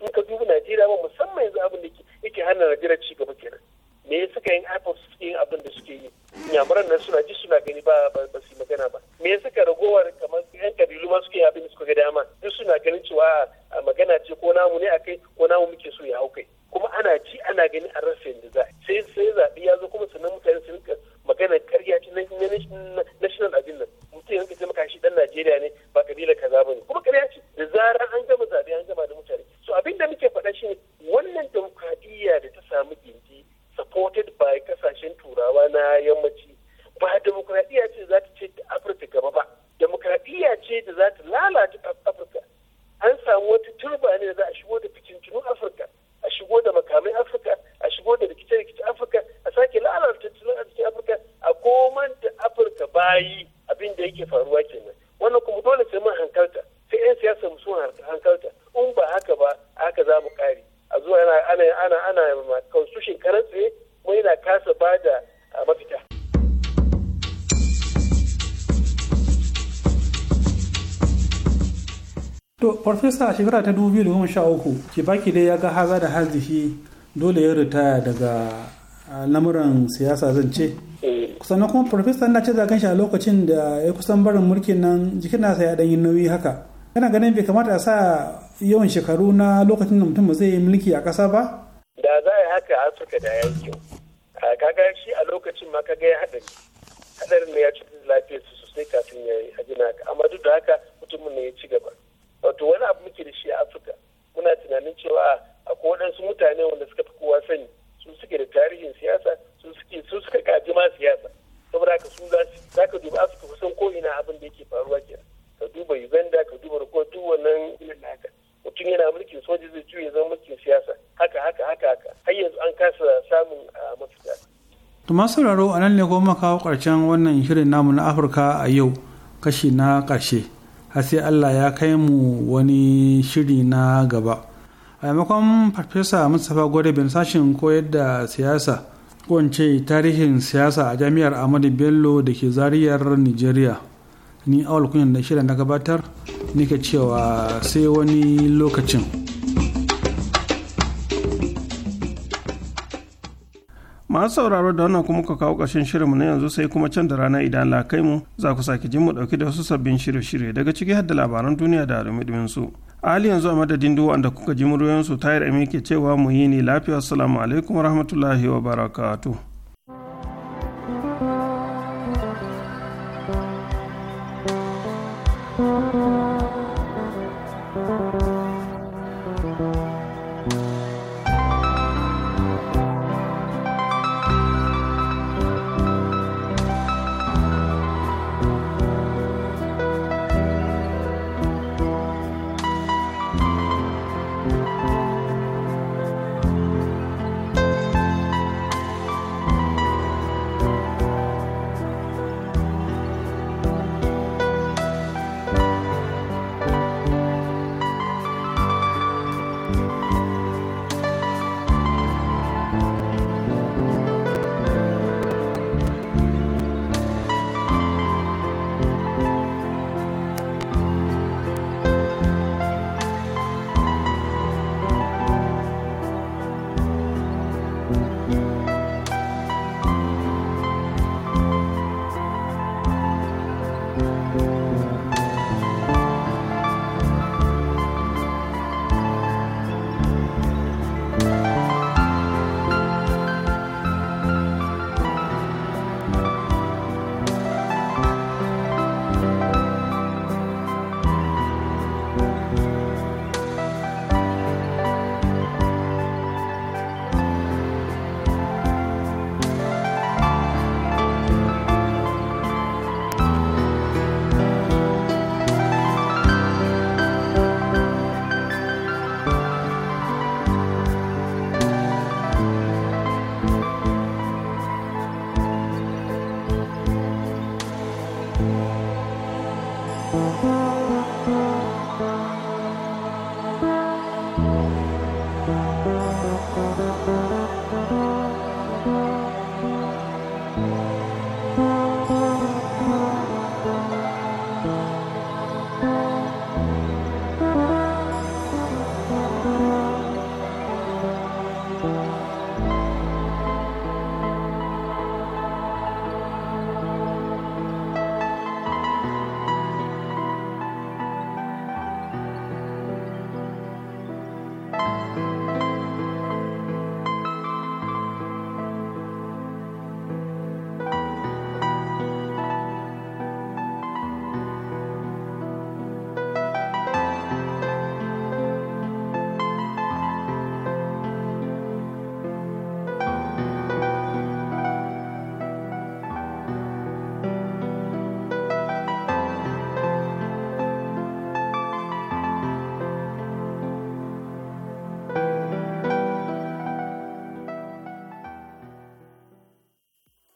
in ka duba najeriya ba musamman yanzu abin da yake hana najeriya ci gaba kenan me suka yin ipod suke yin abin da suke yi nyamuran nan suna ji suna gani ba ba su magana ba me ya saka ragowar kamar yan kabilu ma suke abin da suka ga dama duk suna ganin cewa a magana ce ko namu ne akai ko namu muke so ya hau kai kuma ana ci ana gani a rasa yadda za sai sai zaɓi ya zo kuma sannan mutane su rika magana karya ce na shekara ta 2013 kibaki dai ya ga haza da hazihi dole ya ritaya daga ah, lamuran siyasa zan ce eh. sannan kuma farfesa na ce zagan shi a lokacin da ya kusan barin mulkin nan jikin nasa ya ɗanyi nauyi haka kana ganin bai kamata a sa yawan shekaru na lokacin da mutum zai yi mulki a ƙasa ba da za a yi haka a suka da yanki a ah, kaga shi a lokacin ma kaga ya haɗari haɗarin da ya ci masu sauraro a nan ne goma kawo ƙarshen wannan shirin namu na afirka a yau kashi na ƙarshe har sai allah ya kai mu wani shiri na gaba a maimakon farfesa mustapha gwada bin sashin koyar da siyasa kowace tarihin siyasa a jami'ar ahmadu bello da ke zariyar nigeria ni awal kunyan da shirin na gabatar nike cewa sai wani lokacin. masu sauraro da wannan kuma ka kawo ƙarshen shirinmu na yanzu sai kuma can da rana idan Allah kai mu za ku sake jin mu ɗauki da wasu sabbin shirye-shirye daga ciki har da labaran duniya da dumi su. hali yanzu a madadin duk wanda kuka ji muryoyinsu tayar ke cewa mu yi ne lafiya assalamu alaikum wa barakatu.